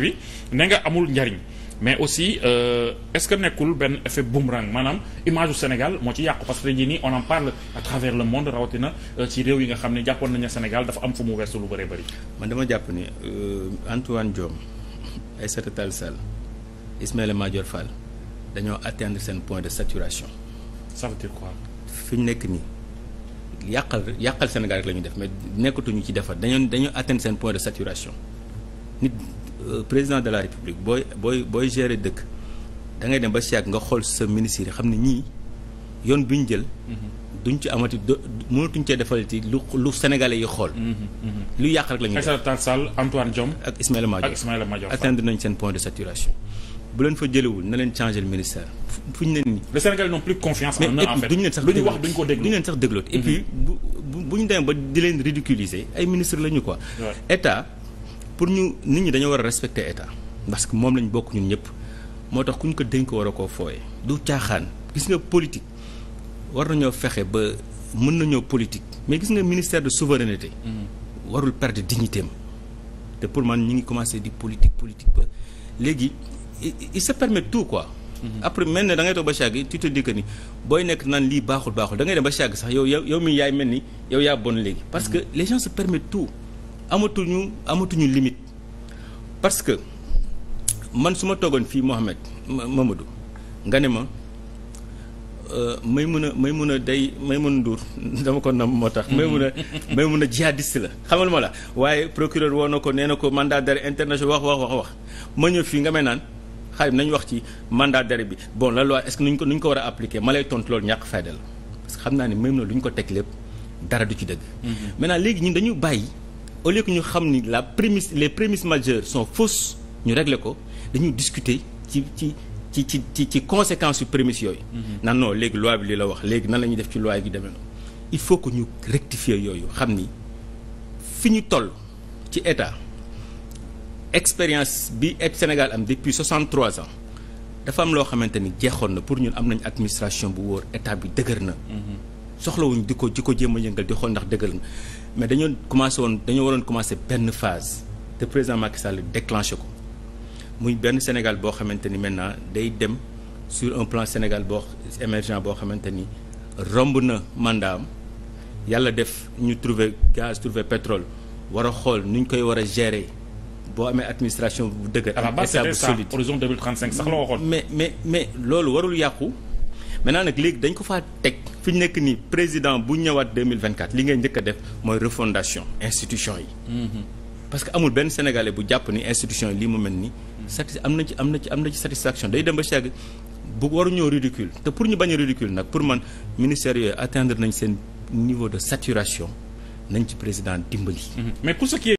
bi ne nga amul njariñ mais aussi euh, est-ce que nekkul benn effet boomerang maanaam image du Sénégal moo ci yàqu parce que jii ni on en parle à travers le monde rawatina euh, ci réew yi nga xam ne jàppoon nañu Sénégal dafa am fu mu weesu lu bëree bëri. man dama jàpp ne euh, Antoine Diome Aïssata Tall Sall Ismaïla Madior fal dañoo atteindre seen point de saturation. ça veut dire fi ñu nekk ni yàqal yàqal Sénégal rek la ñuy def mais nekkatuñu ci defar dañoo dañoo atteindre seen point de saturation Euh, président de la république booy booy booy gérer dëkk da ngay dem ba si nga xool sa ministre yi xam ne ñii yoon bi ñu jël. Mhm. duñ ci amati do mënatuñ cee defal ci lu lu sénégalais yi xool. Mhm, mhm. lu yàq rek la ñuy def Aïssata Tall Sall Antoine Diome ak Ismaïla Madior ak Ismaïla Madior atteindre nañ seen point de saturation. bu leen fa jëlewul na leen changer le ministère fu ñu leen nii. les sénégalais n'ont plus confiance en eux en fait. duñu leen sax déglu lu ñu wax duñu ko déglu duñu leen sax déglu et puis bu bu ñu demee ba di leen ridiculiser ay ministre lañu quoi. état. pour ñu nit ñi dañoo war a respecter état parce que moom lañ bokk ñun ñëpp moo tax ku ñu ko dénk war a koo fooye du caaxaan gis nga politique war nañoo fexe ba mën nañoo politique mais gis nga ministère de souveraineté mm-hmm. warul perdre dignité am te pour man ñu ngi commencé di politique politique ba léegi il se permet tout quoi mm-hmm. après mel ne da ngay toog ba chàgg tu te ni booy nekk naan lii baaxul baaxul da ngay dem ba chàgg sax yow yow yow mi yaay mel ni yow yaa bon léegi parce mm-hmm. que les gens se permettent amatuñu amatuñu limite parce que man su ma toogoon fii Mohamed Mamadou nga ne ma euh, may mun a may mun a day may mun a nduur dama ko nam moo tax. may mun a may mun a jihadiste la xamal ma la waaye procureur woo na ko nee na ko mandat d'arrêt international wax wax wax ma ñëw fii nga may naan. xaalis nañu wax ci mandat d'arrêt bi bon lal loi est-ce que nuñ ko nuñ ko war a appliquer ma lay tontu loolu ñàkk fayda la parce xam naa ne même na lu ñu ko teg lépp dara du ci dëgg. Mm-hmm. au lieu ñu xam ni la prémisse les prémisses majeures son fausses ñu régler ko dañu discuter ci ci ci ci ci ci conséquences yu prémisses yooyu. Mhm. nan non léegi loi bi la wax léegi nan la ñuy def ci loi gi demee na il faut que ñu rectifier yooyu xam ni fi ñu toll ci état expérience bi et Sénégal am depuis 63 ans dafa am loo xamante ni jeexoon na pour ñun am nañ administration bu wóor état bi dëgër na. Mhm. soxlawuñ di ko di ko jéem a yëngal di xool ndax dëggal na mais dañoo commencé woon dañoo waroon commencé benn phase te président Macky Sall déclenché ko muy benn Sénégal boo xamante ni maintenant day dem sur un plan Sénégal boo émergent boo xamante ni romb na mandat yàlla def ñu trouver gaz trouver pétrole war a xool nu ñu koy war a gérer boo amee administration bu dëgër. am état bu solide sax la waxoon mais mais mais loolu warul yàqu. maintenant nag léegi dañ ko faa teg fi ñu nekk nii président bu ñëwaat 2024 li ngay njëkk def mooy refondation institution yi. Mhm. parce que amul benn sénégalais bu jàpp ni institution yi lii mu mel nii. satis am na ci am na ci am na ci satisfaction day dem ba chag bu waruñoo ridicule te pour ñu bañ a ridicule nag pour man ministère yooyu atteindre nañ seen niveau de saturation nañ ci président dimbali. Mhm. mais pour ce qui